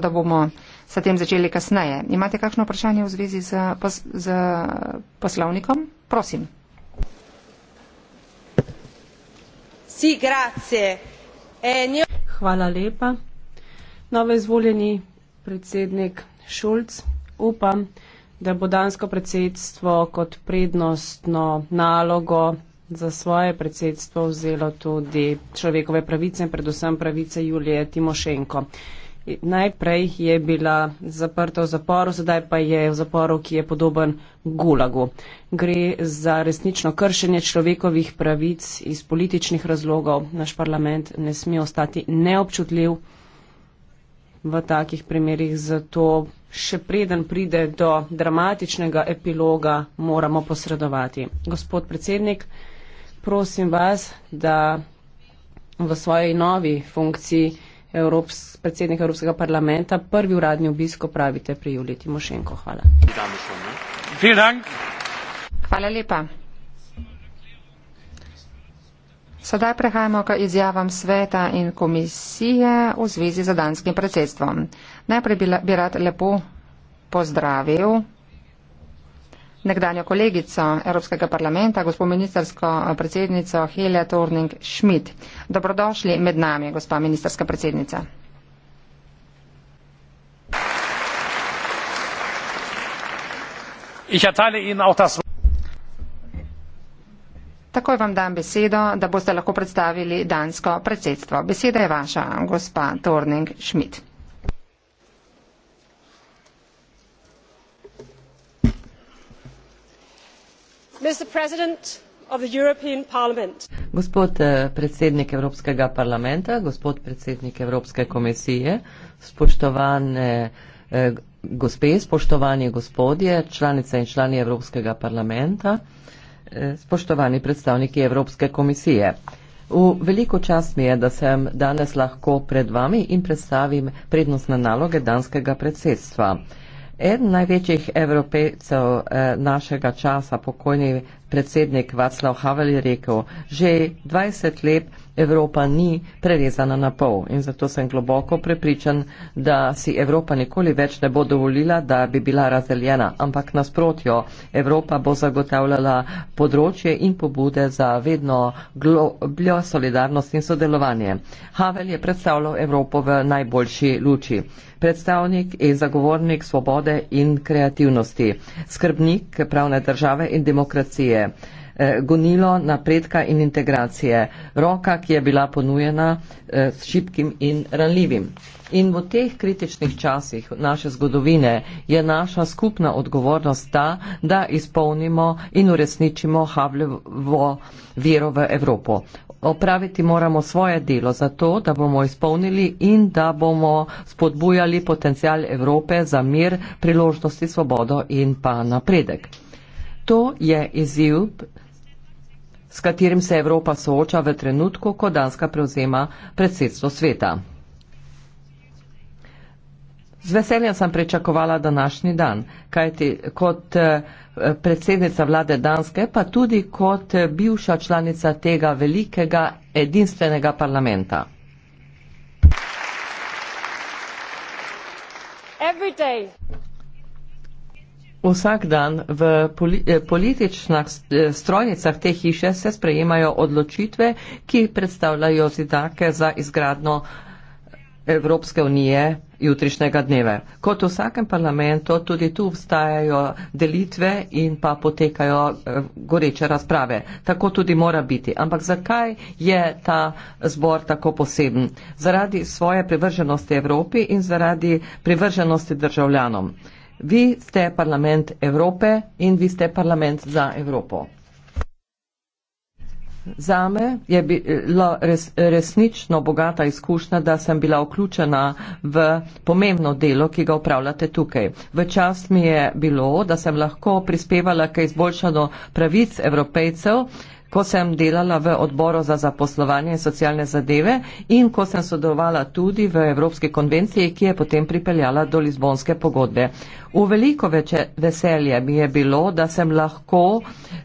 tako da bomo s tem začeli kasneje. Imate kakšno vprašanje v zvezi z, pos, z poslovnikom? Prosim. Si, Enjo... E, Hvala lepa. Novo izvoljeni predsednik Šulc. Upam, da bo dansko predsedstvo kot prednostno nalogo za svoje predsedstvo vzelo tudi človekove pravice in predvsem pravice Julije Timošenko. Uh, Najprej je bila zaprta v zaporu, sedaj pa je v zaporu, ki je podoben gulagu. Gre za resnično kršenje človekovih pravic iz političnih razlogov. Naš parlament ne sme ostati neobčutljiv v takih primerih, zato še preden pride do dramatičnega epiloga, moramo posredovati. Gospod predsednik, prosim vas, da v svoji novi funkciji. Evrops, predsednik Evropskega parlamenta, prvi uradni obisk opravite pri Juliji Timošenko. Hvala. Hvala lepa. Sedaj prehajamo k izjavam sveta in komisije v zvezi z danskim predsedstvom. Najprej bi rad lepo pozdravil nekdanjo kolegico Evropskega parlamenta, gospo ministersko eh, predsednico Helja Torning Schmidt. Dobrodošli med nami, gospa ministerska predsednica. Takoj vam dam besedo, da boste lahko predstavili dansko predsedstvo. Beseda je vaša, gospa Torning Schmidt. Gospod eh, predsednik Evropskega parlamenta, gospod predsednik Evropske komisije, spoštovane eh, gospe, spoštovani gospodje, članice in člani Evropskega parlamenta, eh, spoštovani predstavniki Evropske komisije. V veliko čast mi je, da sem danes lahko pred vami in predstavim prednostne naloge danskega predsedstva. Eden največjih evropejcev eh, našega časa, pokojni predsednik Václav Havel, je rekel, že 20 let Evropa ni prerezana na pol in zato sem globoko prepričan, da si Evropa nikoli več ne bo dovolila, da bi bila razdeljena, ampak nasprotjo, Evropa bo zagotavljala področje in pobude za vedno globljo solidarnost in sodelovanje. Havel je predstavljal Evropo v najboljši luči. Predstavnik in zagovornik svobode in kreativnosti, skrbnik pravne države in demokracije. Eh, gonilo napredka in integracije, roka, ki je bila ponujena eh, s šibkim in ranljivim. In v teh kritičnih časih naše zgodovine je naša skupna odgovornost ta, da izpolnimo in uresničimo Havljevo vero v Evropo. Opraviti moramo svoje delo za to, da bomo izpolnili in da bomo spodbujali potencial Evrope za mir, priložnosti, svobodo in pa napredek. To je izziv s katerim se Evropa sooča v trenutku, ko Danska prevzema predsedstvo sveta. Z veseljem sem pričakovala današnji dan, kajti kot eh, predsednica vlade Danske, pa tudi kot eh, bivša članica tega velikega edinstvenega parlamenta. Every day. Vsak dan v eh, političnih eh, strojnicah te hiše se sprejemajo odločitve, ki predstavljajo zidake za izgradno Evropske unije jutrišnjega dneve. Kot v vsakem parlamentu, tudi tu vstajajo delitve in pa potekajo eh, goreče razprave. Tako tudi mora biti. Ampak zakaj je ta zbor tako poseben? Zaradi svoje privrženosti Evropi in zaradi privrženosti državljanom. Vi ste parlament Evrope in vi ste parlament za Evropo. Zame je bila res, resnično bogata izkušnja, da sem bila vključena v pomembno delo, ki ga upravljate tukaj. V čas mi je bilo, da sem lahko prispevala k izboljšanju pravic evropejcev ko sem delala v odboru za zaposlovanje in socialne zadeve in ko sem sodelovala tudi v Evropski konvenciji, ki je potem pripeljala do Lizbonske pogodbe. V veliko veče, veselje mi je bilo, da sem lahko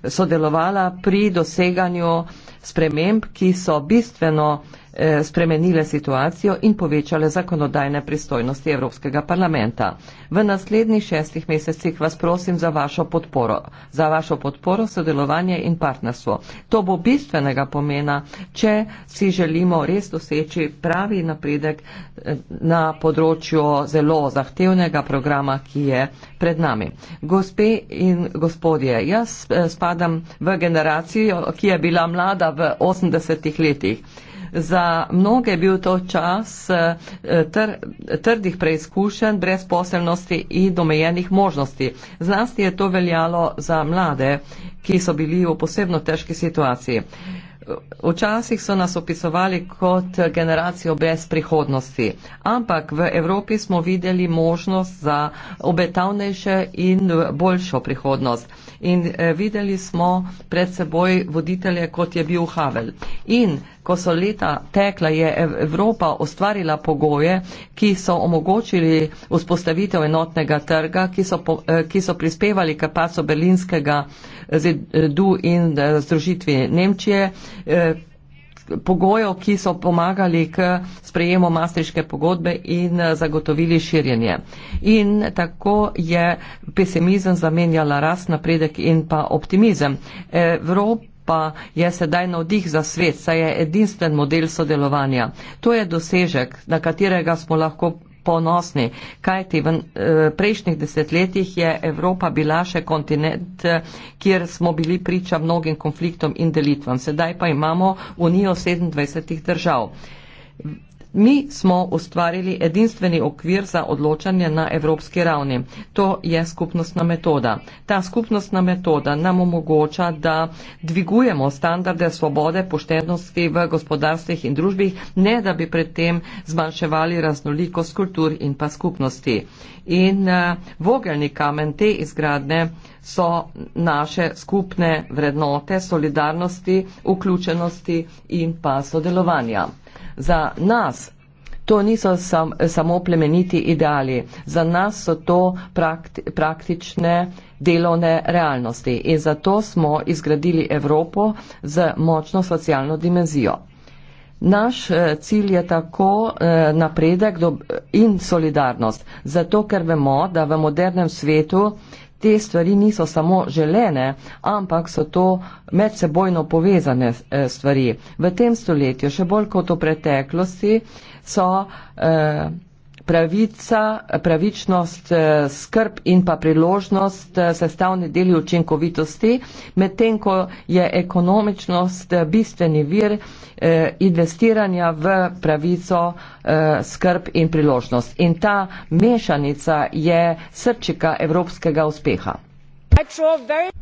sodelovala pri doseganju sprememb, ki so bistveno Eh, spremenile situacijo in povečale zakonodajne pristojnosti Evropskega parlamenta. V naslednjih šestih mesecih vas prosim za vašo podporo, za vašo podporo sodelovanje in partnerstvo. To bo bistvenega pomena, če si želimo res doseči pravi napredek eh, na področju zelo zahtevnega programa, ki je pred nami. Gospe in gospodje, jaz eh, spadam v generacijo, ki je bila mlada v 80-ih letih. Za mnoge je bil to čas eh, tr, trdih preizkušenj, brezposelnosti in domejenih možnosti. Zlasti je to veljalo za mlade, ki so bili v posebno težki situaciji. Včasih so nas opisovali kot generacijo brez prihodnosti, ampak v Evropi smo videli možnost za obetavnejše in boljšo prihodnost. In eh, videli smo pred seboj voditelje, kot je bil Havel. In ko so leta tekla, je Evropa ustvarila pogoje, ki so omogočili vzpostavitev enotnega trga, ki so, eh, ki so prispevali k paso berlinskega eh, zidu in eh, združitvi Nemčije, pogojev, ki so pomagali k sprejemu mastriške pogodbe in zagotovili širjenje. In tako je pesimizem zamenjala rast, napredek in pa optimizem. Evropa pa je sedaj navdih za svet, saj je edinstven model sodelovanja. To je dosežek, na katerega smo lahko ponosni, kajti v eh, prejšnjih desetletjih je Evropa bila še kontinent, kjer smo bili priča mnogim konfliktom in delitvam. Sedaj pa imamo Unijo 27 držav. Mi smo ustvarili edinstveni okvir za odločanje na evropski ravni. To je skupnostna metoda. Ta skupnostna metoda nam omogoča, da dvigujemo standarde svobode, poštenosti v gospodarstvih in družbih, ne da bi predtem zmanjševali raznolikost kultur in pa skupnosti. In uh, vogelni kamen te izgradne so naše skupne vrednote solidarnosti, vključenosti in pa sodelovanja za nas to niso sam, samo plemeniti ideali, za nas so to prakti, praktične delovne realnosti in zato smo izgradili Evropo z močno socialno dimenzijo. Naš eh, cilj je tako eh, napredek in solidarnost, zato ker vemo, da v modernem svetu te stvari niso samo želene, ampak so to medsebojno povezane eh, stvari. V tem stoletju, še bolj kot v preteklosti, so eh, pravica, pravičnost, eh, skrb in pa priložnost eh, sestavni deli učinkovitosti, medtem ko je ekonomičnost eh, bistveni vir investiranja v pravico, skrb in priložnost. In ta mešanica je srčika evropskega uspeha. I draw very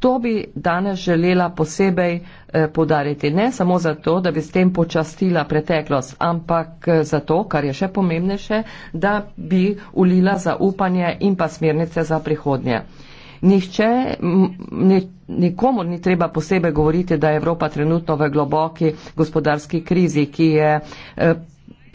To bi danes želela posebej eh, podariti, ne samo zato, da bi s tem počastila preteklost, ampak eh, zato, kar je še pomembnejše, da bi ulila zaupanje in pa smernice za prihodnje. Nihče, nikomu ni treba posebej govoriti, da je Evropa trenutno v globoki gospodarski krizi, ki je eh,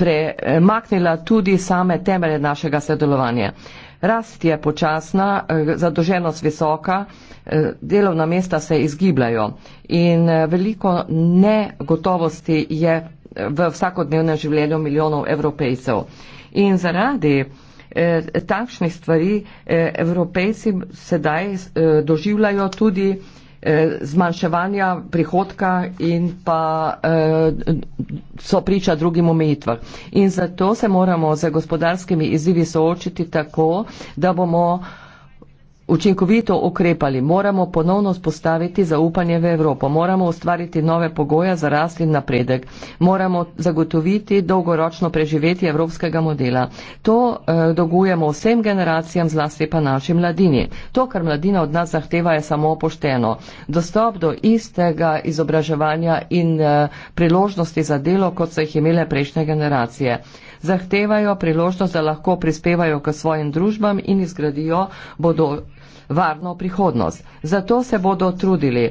premaknila tudi same temelje našega sodelovanja rast je počasna, eh, zadoženost visoka, eh, delovna mesta se izgibljajo in eh, veliko negotovosti je v vsakodnevnem življenju milijonov evropejcev. In zaradi takšnih stvari evropejci sedaj doživljajo tudi Eh, zmanjševanja prihodka in pa eh, so priča drugim omejitvam. In zato se moramo z gospodarskimi izzivi soočiti tako, da bomo učinkovito ukrepali, moramo ponovno spostaviti zaupanje v Evropo, moramo ustvariti nove pogoje za rast in napredek, moramo zagotoviti dolgoročno preživeti evropskega modela. To eh, dogujemo vsem generacijam, zlasti pa naši mladini. To, kar mladina od nas zahteva, je samo pošteno. Dostop do istega izobraževanja in eh, priložnosti za delo, kot so jih imele prejšnje generacije. Zahtevajo priložnost, da lahko prispevajo k svojim družbam in izgradijo bodo varno prihodnost. Zato se bodo trudili.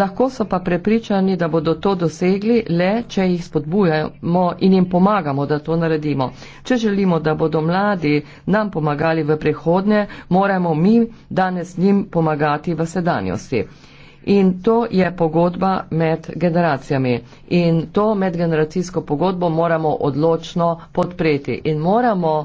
Lahko so pa prepričani, da bodo to dosegli le, če jih spodbujamo in jim pomagamo, da to naredimo. Če želimo, da bodo mladi nam pomagali v prihodnje, moramo mi danes njim pomagati v sedanjosti. In to je pogodba med generacijami. In to medgeneracijsko pogodbo moramo odločno podpreti. In moramo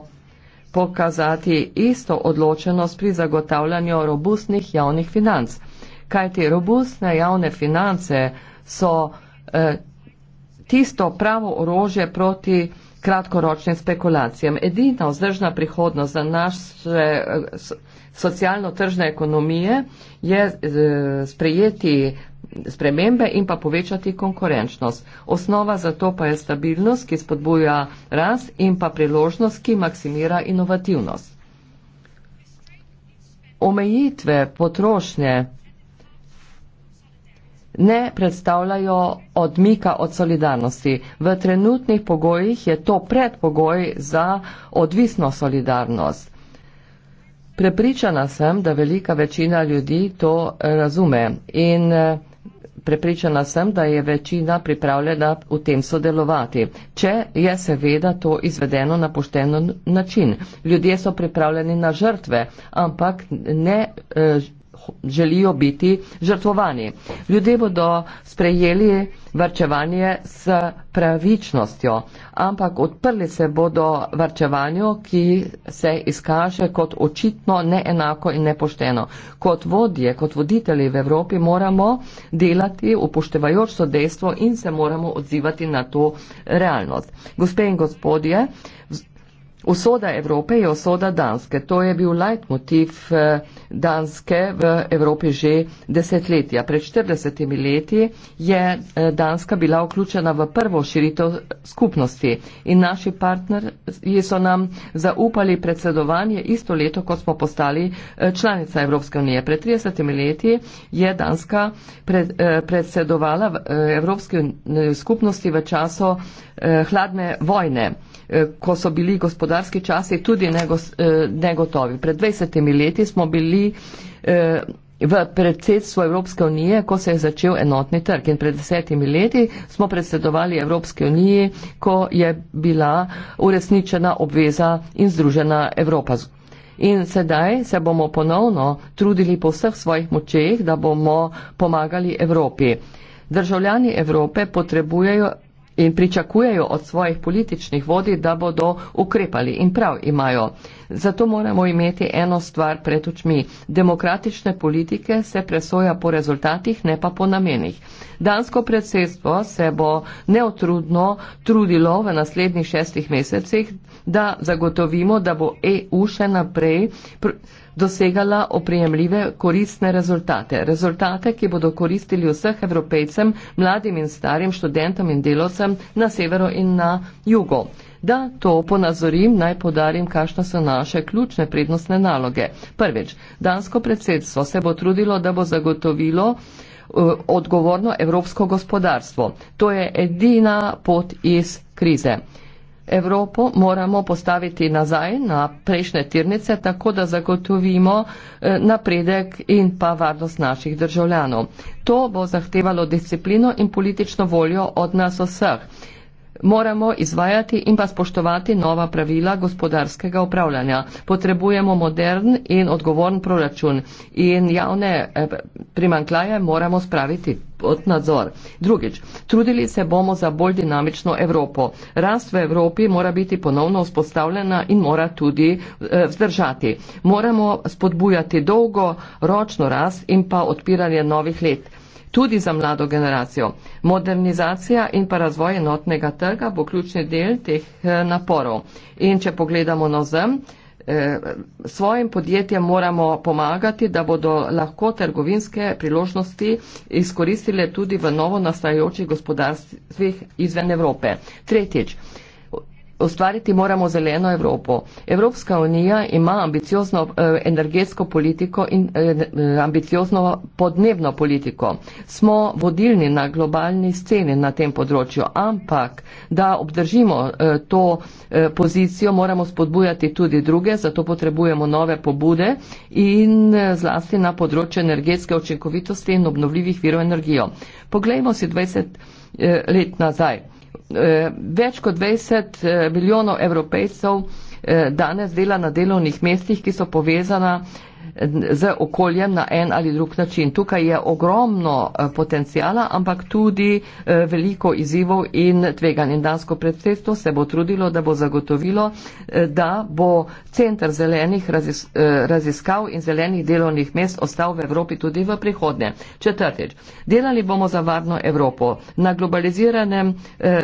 pokazati isto odločenost pri zagotavljanju robustnih javnih financ. Kajti robustne javne finance so eh, tisto pravo orožje proti kratkoročnim spekulacijam. Edina vzdržna prihodnost za naše eh, socialno-tržne ekonomije je eh, sprejeti spremembe in pa povečati konkurenčnost. Osnova za to pa je stabilnost, ki spodbuja rast in pa priložnost, ki maksimira inovativnost. Omejitve potrošnje ne predstavljajo odmika od solidarnosti. V trenutnih pogojih je to predpogoj za odvisno solidarnost. Prepričana sem, da velika večina ljudi to razume. In, eh, Prepričana sem, da je večina pripravljena v tem sodelovati, če je seveda to izvedeno na pošteno način. Ljudje so pripravljeni na žrtve, ampak ne. Eh, želijo biti žrtvovani. Ljudje bodo sprejeli varčevanje s pravičnostjo, ampak odprli se bodo varčevanju, ki se izkaže kot očitno neenako in nepošteno. Kot vodje, kot voditelji v Evropi moramo delati upoštevajoč to dejstvo in se moramo odzivati na to realnost. Gospe in gospodje, Usoda Evrope je usoda Danske. To je bil leitmotiv eh, Danske v Evropi že desetletja. Pred 40 leti je eh, Danska bila vključena v prvo širito skupnosti in naši partnerji so nam zaupali predsedovanje isto leto, ko smo postali eh, članica Evropske unije. Pred 30 leti je Danska predsedovala Evropske skupnosti v času hladne vojne, ko so bili gospodarstveni gospodarski časi tudi eh, negotovi. Pred 20 leti smo bili eh, v predsedstvu Evropske unije, ko se je začel enotni trg. In pred desetimi leti smo predsedovali Evropske unije, ko je bila uresničena obveza in združena Evropa. In sedaj se bomo ponovno trudili po vseh svojih močeh, da bomo pomagali Evropi. Državljani Evrope potrebujejo in pričakujejo od svojih političnih vodij, da bodo ukrepali. In prav imajo. Zato moramo imeti eno stvar pred očmi. Demokratične politike se presoja po rezultatih, ne pa po namenih. Dansko predsedstvo se bo neotrudno trudilo v naslednjih šestih mesecih, da zagotovimo, da bo EU še naprej dosegala oprijemljive koristne rezultate. Rezultate, ki bodo koristili vseh evropejcem, mladim in starim, študentom in delovcem na severu in na jugu. Da to ponazorim, naj podarim, kakšne so naše ključne prednostne naloge. Prvič, dansko predsedstvo se bo trudilo, da bo zagotovilo eh, odgovorno evropsko gospodarstvo. To je edina pot iz krize. Evropo moramo postaviti nazaj na prejšnje tirnice, tako da zagotovimo eh, napredek in pa varnost naših državljanov. To bo zahtevalo disciplino in politično voljo od nas vseh moramo izvajati in pa spoštovati nova pravila gospodarskega upravljanja. Potrebujemo modern in odgovoren proračun in javne eh, primankljaje moramo spraviti pod nadzor. Drugič, trudili se bomo za bolj dinamično Evropo. Rast v Evropi mora biti ponovno vzpostavljena in mora tudi eh, vzdržati. Moramo spodbujati dolgoročno rast in pa odpiranje novih let tudi za mlado generacijo. Modernizacija in pa razvoj enotnega trga bo ključni del teh eh, naporov. In če pogledamo na zem, eh, svojim podjetjem moramo pomagati, da bodo lahko trgovinske priložnosti izkoristile tudi v novo nastajajočih gospodarstvih izven Evrope. Tretjič ustvariti moramo zeleno Evropo. Evropska unija ima ambiciozno eh, energetsko politiko in eh, ambiciozno podnebno politiko. Smo vodilni na globalni sceni na tem področju, ampak da obdržimo eh, to pozicijo, moramo spodbujati tudi druge, zato potrebujemo nove pobude in zlasti na področju energetske učinkovitosti in obnovljivih virov energijo. Poglejmo si 20 let nazaj. Eh, več kot 20 eh, milijonov evropejcev eh, danes dela na delovnih mestih, ki so povezana z okoljem na en ali drug način. Tukaj je ogromno eh, potencijala, ampak tudi eh, veliko izzivov in tveganj. In dansko predsedstvo se bo trudilo, da bo zagotovilo, eh, da bo centr zelenih razis, raziskav in zelenih delovnih mest ostal v Evropi tudi v prihodnje. Četrtič. Delali bomo za varno Evropo. Na globaliziranem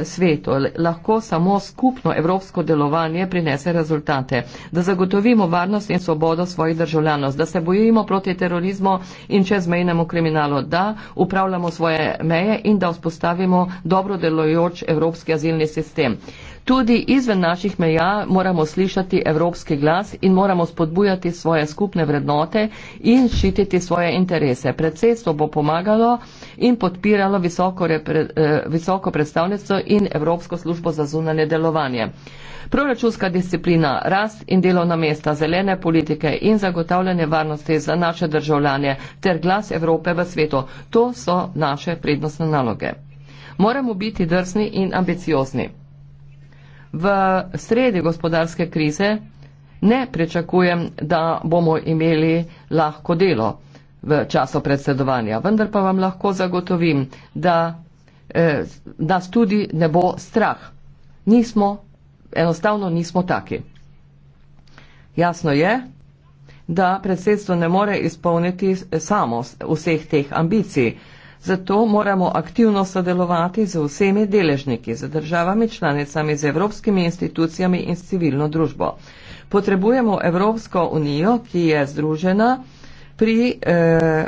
svetu lahko samo skupno evropsko delovanje prinese rezultate. Da zagotovimo varnost in svobodo svojih državljanov da se bojimo proti terorizmu in čezmejnemu kriminalu, da upravljamo svoje meje in da vzpostavimo dobro delojoč evropski azilni sistem. Tudi izven naših meja moramo slišati evropski glas in moramo spodbujati svoje skupne vrednote in ščititi svoje interese. Predsedstvo bo pomagalo in podpiralo visoko, eh, visoko predstavnico in Evropsko službo za zunanje delovanje. Proračunska disciplina, rast in delovna mesta, zelene politike in zagotavljanje varnosti za naše državljanje ter glas Evrope v svetu, to so naše prednostne naloge. Moramo biti drzni in ambiciozni v sredi gospodarske krize ne pričakujem, da bomo imeli lahko delo v času predsedovanja, vendar pa vam lahko zagotovim, da eh, nas tudi ne bo strah. Nismo, enostavno nismo taki. Jasno je, da predsedstvo ne more izpolniti samo vseh teh ambicij. Eh, Zato moramo aktivno sodelovati z vsemi deležniki, z državami, članicami, z evropskimi institucijami in s civilno družbo. Potrebujemo Evropsko unijo, ki je združena pri, eh,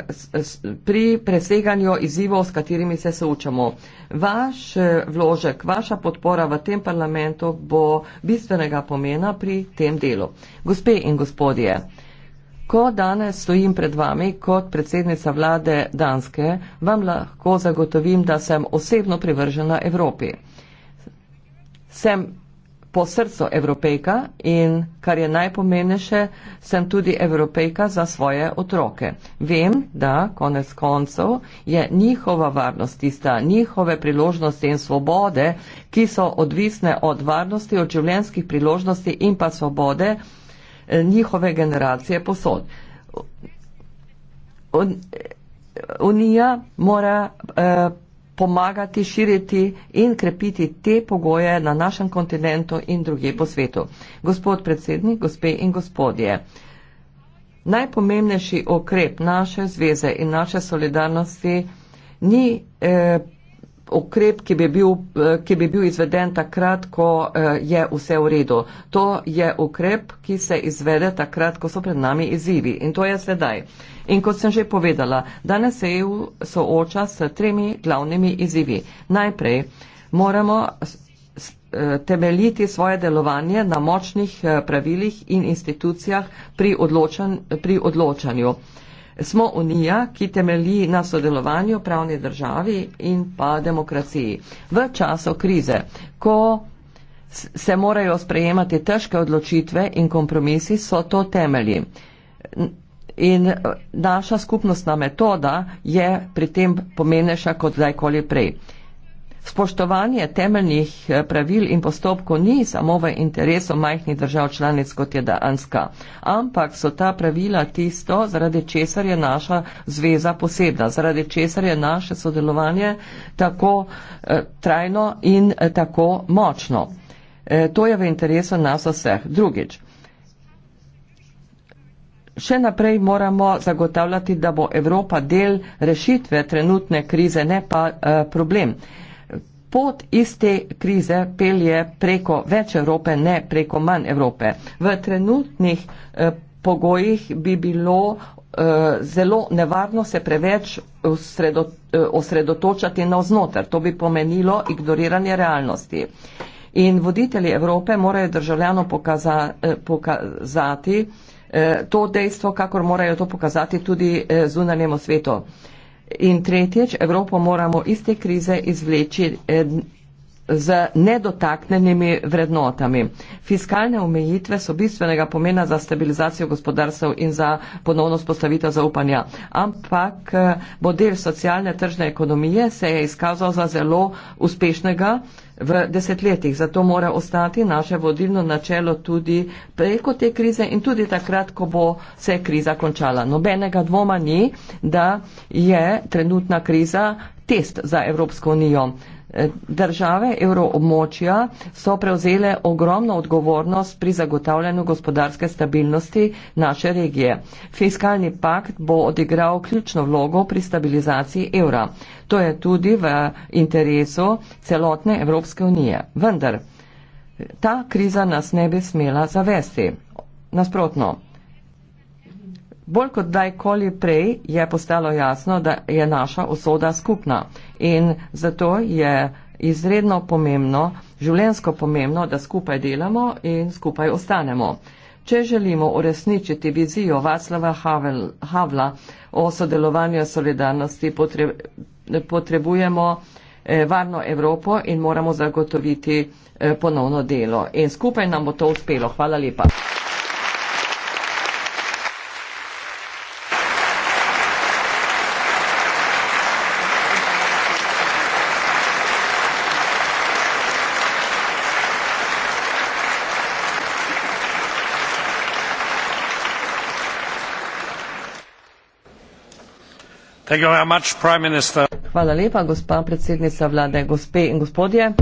pri preseganju izzivov, s katerimi se soočamo. Vaš eh, vložek, vaša podpora v tem parlamentu bo bistvenega pomena pri tem delu. Gospe in gospodje, Ko danes stojim pred vami kot predsednica vlade Danske, vam lahko zagotovim, da sem osebno privržena Evropi. Sem po srcu evropejka in, kar je najpomenejše, sem tudi evropejka za svoje otroke. Vem, da konec koncev je njihova varnost tista, njihove priložnosti in svobode, ki so odvisne od varnosti, od življenjskih priložnosti in pa svobode, njihove generacije posod. Unija mora eh, pomagati širiti in krepiti te pogoje na našem kontinentu in druge po svetu. Gospod predsednik, gospe in gospodje, najpomembnejši okrep naše zveze in naše solidarnosti ni eh, ukrep, ki bi bil, eh, ki bi bil izveden takrat, ko eh, je vse v redu. To je ukrep, ki se izvede takrat, ko so pred nami izzivi in to je sedaj. In kot sem že povedala, danes se EU sooča s tremi glavnimi izzivi. Najprej moramo eh, temeljiti svoje delovanje na močnih pravilih in institucijah pri, odločan, pri odločanju smo unija, ki temelji na sodelovanju pravni državi in pa demokraciji. V času krize, ko se morajo sprejemati težke odločitve in kompromisi, so to temelji. In e, naša skupnostna metoda je pri tem pomenejša kot zdajkoli prej. Spoštovanje temeljnih eh, pravil in postopkov ni samo v interesu majhnih držav članic, kot je Danska, ampak so ta pravila tisto, zaradi česar je naša zveza posebna, zaradi česar je naše sodelovanje tako eh, trajno in eh, tako močno. To je v interesu nas vseh. Drugič. Še naprej moramo zagotavljati, da bo Evropa del rešitve trenutne krize, ne pa uh, problem. Uh, pot iz te krize pelje preko več Evrope, ne preko manj Evrope. V trenutnih eh, pogojih bi bilo eh, zelo nevarno se preveč eh, osredotočati na vznoter. To bi pomenilo ignoriranje realnosti. In voditelji Evrope morajo državljano pokaza, pokazati to dejstvo, kakor morajo to pokazati tudi zunanjemu svetu. In tretjič, Evropo moramo iz te krize izvleči eh, z nedotaknenimi vrednotami. Fiskalne omejitve so bistvenega pomena za stabilizacijo gospodarstv in za ponovno spostavitev zaupanja. Ampak eh, model socialne tržne ekonomije se je izkazal za zelo uspešnega v desetletjih. Zato mora ostati naše vodilno načelo tudi preko te krize in tudi takrat, ko bo se kriza končala. Nobenega dvoma ni, da je trenutna kriza test za Evropsko unijo. Države evroobmočja so prevzele ogromno odgovornost pri zagotavljanju gospodarske stabilnosti naše regije. Fiskalni pakt bo odigral ključno vlogo pri stabilizaciji evra. To je tudi v interesu celotne Evropske unije. Vendar, ta kriza nas ne bi smela zavesti. Nasprotno, Bolj kot dajkoli prej je postalo jasno, da je naša usoda skupna in zato je izredno pomembno, življensko pomembno, da skupaj delamo in skupaj ostanemo. Če želimo uresničiti vizijo Vaclava Havla o sodelovanju solidarnosti, potrebujemo eh, varno Evropo in moramo zagotoviti eh, ponovno delo. In skupaj nam bo to uspelo. Hvala lepa. Hvala lepa, gospa predsednica vlade, gospe in gospodje.